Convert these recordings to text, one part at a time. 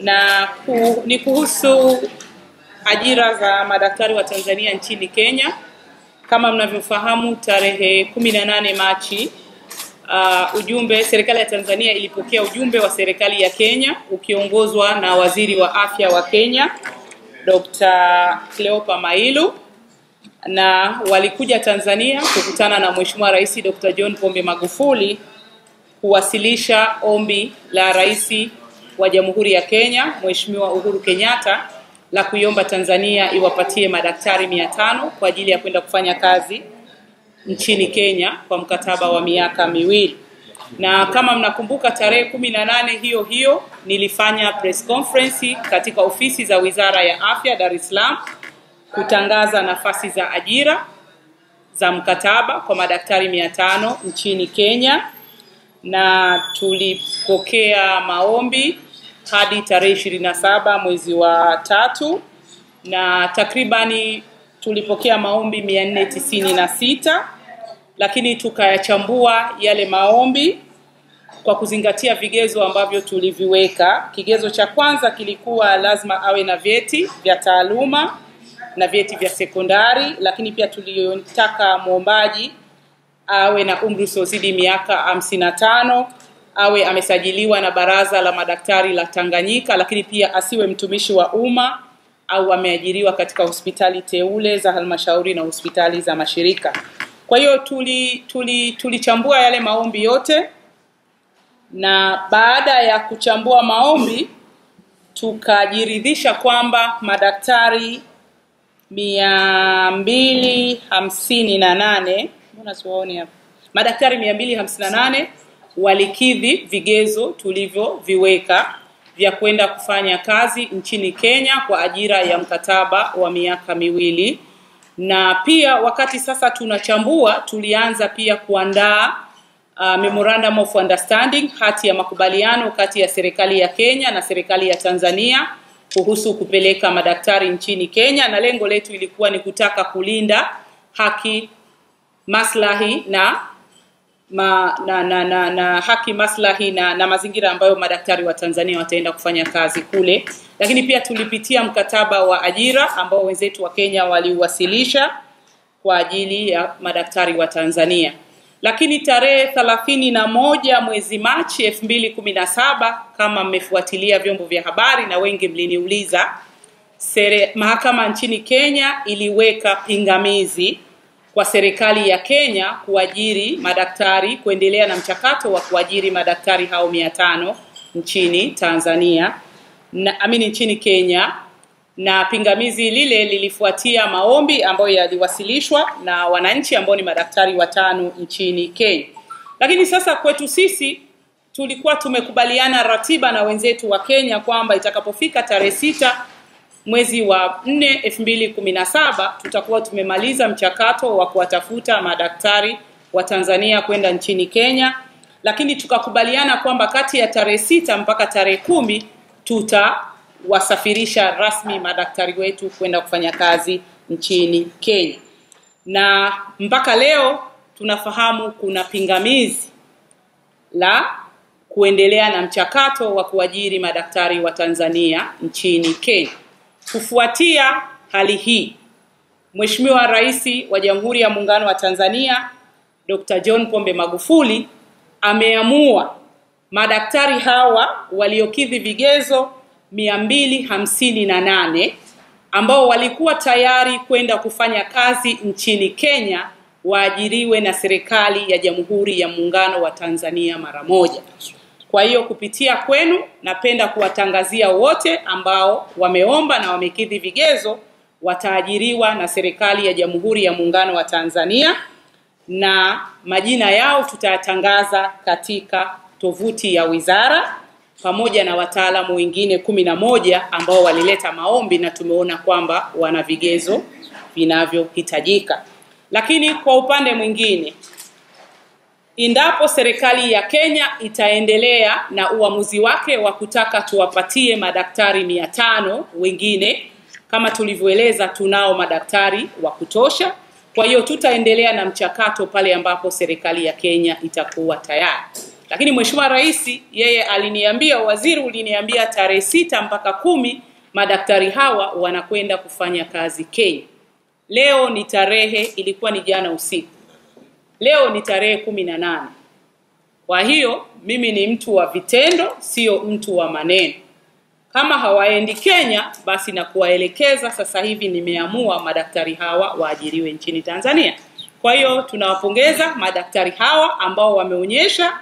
na ku, ni kuhusu ajira za madaktari wa Tanzania nchini Kenya. Kama mnavyofahamu, tarehe 18 Machi uh, ujumbe serikali ya Tanzania ilipokea ujumbe wa serikali ya Kenya ukiongozwa na waziri wa afya wa Kenya Dr. Cleopa Mailu na walikuja Tanzania kukutana na Mheshimiwa Rais Dr. John Pombe Magufuli kuwasilisha ombi la Rais wa Jamhuri ya Kenya Mheshimiwa Uhuru Kenyatta la kuiomba Tanzania iwapatie madaktari mia tano kwa ajili ya kwenda kufanya kazi nchini Kenya kwa mkataba wa miaka miwili. Na kama mnakumbuka, tarehe kumi na nane hiyo hiyo nilifanya press conference katika ofisi za Wizara ya Afya Dar es Salaam kutangaza nafasi za ajira za mkataba kwa madaktari mia tano nchini Kenya, na tulipokea maombi hadi tarehe ishirini na saba mwezi wa tatu na takribani tulipokea maombi mia nne tisini na sita lakini tukayachambua yale maombi kwa kuzingatia vigezo ambavyo tuliviweka. Kigezo cha kwanza kilikuwa lazima awe na vyeti vya taaluma na vyeti vya sekondari, lakini pia tuliyotaka mwombaji awe na umri usiozidi miaka hamsini na tano awe amesajiliwa na baraza la madaktari la Tanganyika, lakini pia asiwe mtumishi wa umma au ameajiriwa katika hospitali teule za halmashauri na hospitali za mashirika. Kwa hiyo tulichambua tuli, tulichambua tuli yale maombi yote na baada ya kuchambua maombi tukajiridhisha kwamba madaktari mia mbili hamsini na nane mbona hapa madaktari mia mbili hamsini na nane walikidhi vigezo tulivyoviweka vya kwenda kufanya kazi nchini Kenya kwa ajira ya mkataba wa miaka miwili. Na pia wakati sasa tunachambua, tulianza pia kuandaa uh, memorandum of understanding, hati ya makubaliano kati ya serikali ya Kenya na serikali ya Tanzania kuhusu kupeleka madaktari nchini Kenya, na lengo letu ilikuwa ni kutaka kulinda haki, maslahi na ma, na, na, na, na haki maslahi na, na mazingira ambayo madaktari wa Tanzania wataenda kufanya kazi kule. Lakini pia tulipitia mkataba wa ajira ambao wenzetu wa Kenya waliuwasilisha kwa ajili ya madaktari wa Tanzania. Lakini tarehe thelathini na moja mwezi Machi elfu mbili kumi na saba kama mmefuatilia vyombo vya habari na wengi mliniuliza, mahakama nchini Kenya iliweka pingamizi kwa serikali ya Kenya kuajiri madaktari, kuendelea na mchakato wa kuajiri madaktari hao mia tano nchini Tanzania na amini nchini Kenya na pingamizi lile lilifuatia maombi ambayo yaliwasilishwa na wananchi ambao ni madaktari watano nchini Kenya. Lakini sasa kwetu sisi tulikuwa tumekubaliana ratiba na wenzetu wa Kenya kwamba itakapofika tarehe sita mwezi wa 4 2017 tutakuwa tumemaliza mchakato wa kuwatafuta madaktari wa Tanzania kwenda nchini Kenya, lakini tukakubaliana kwamba kati ya tarehe sita mpaka tarehe kumi tutawasafirisha rasmi madaktari wetu kwenda kufanya kazi nchini Kenya. Na mpaka leo tunafahamu kuna pingamizi la kuendelea na mchakato wa kuajiri madaktari wa Tanzania nchini Kenya. Kufuatia hali hii, Mheshimiwa Rais wa Jamhuri ya Muungano wa Tanzania Dr. John Pombe Magufuli ameamua madaktari hawa waliokidhi vigezo 258 ambao walikuwa tayari kwenda kufanya kazi nchini Kenya waajiriwe na serikali ya Jamhuri ya Muungano wa Tanzania mara moja. Kwa hiyo kupitia kwenu napenda kuwatangazia wote ambao wameomba na wamekidhi vigezo wataajiriwa na serikali ya Jamhuri ya Muungano wa Tanzania na majina yao tutayatangaza katika tovuti ya wizara pamoja na wataalamu wengine kumi na moja ambao walileta maombi na tumeona kwamba wana vigezo vinavyohitajika. Lakini kwa upande mwingine endapo serikali ya Kenya itaendelea na uamuzi wake wa kutaka tuwapatie madaktari mia tano wengine. Kama tulivyoeleza, tunao madaktari wa kutosha. Kwa hiyo tutaendelea na mchakato pale ambapo serikali ya Kenya itakuwa tayari. Lakini Mheshimiwa Rais yeye aliniambia, waziri uliniambia tarehe sita mpaka kumi madaktari hawa wanakwenda kufanya kazi Kenya. Leo ni tarehe, ilikuwa ni jana usiku leo ni tarehe kumi na nane kwa hiyo mimi ni mtu wa vitendo sio mtu wa maneno kama hawaendi Kenya basi na kuwaelekeza sasa hivi nimeamua madaktari hawa waajiriwe nchini Tanzania kwa hiyo tunawapongeza madaktari hawa ambao wameonyesha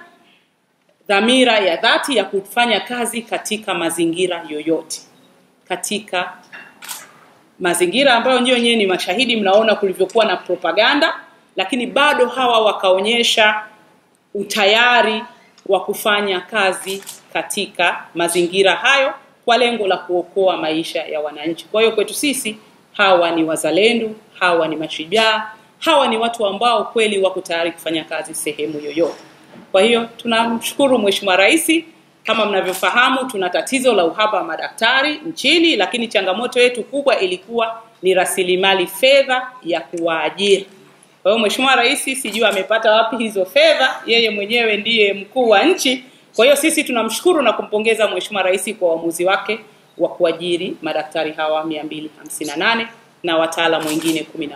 dhamira ya dhati ya kufanya kazi katika mazingira yoyote katika mazingira ambayo nyinyi ni mashahidi mnaona kulivyokuwa na propaganda lakini bado hawa wakaonyesha utayari wa kufanya kazi katika mazingira hayo kwa lengo la kuokoa maisha ya wananchi. Kwa hiyo kwetu sisi hawa ni wazalendo, hawa ni mashujaa, hawa ni watu ambao kweli wako tayari kufanya kazi sehemu yoyote. Kwa hiyo tunamshukuru Mheshimiwa Rais. Kama mnavyofahamu, tuna tatizo la uhaba wa madaktari nchini, lakini changamoto yetu kubwa ilikuwa ni rasilimali fedha ya kuwaajiri kwa hiyo Mheshimiwa Rais sijui amepata wapi hizo fedha, yeye mwenyewe ndiye mkuu wa nchi. Kwa hiyo sisi tunamshukuru na kumpongeza Mheshimiwa Rais kwa uamuzi wake wa kuajiri madaktari hawa 258 na wataalamu wengine 11.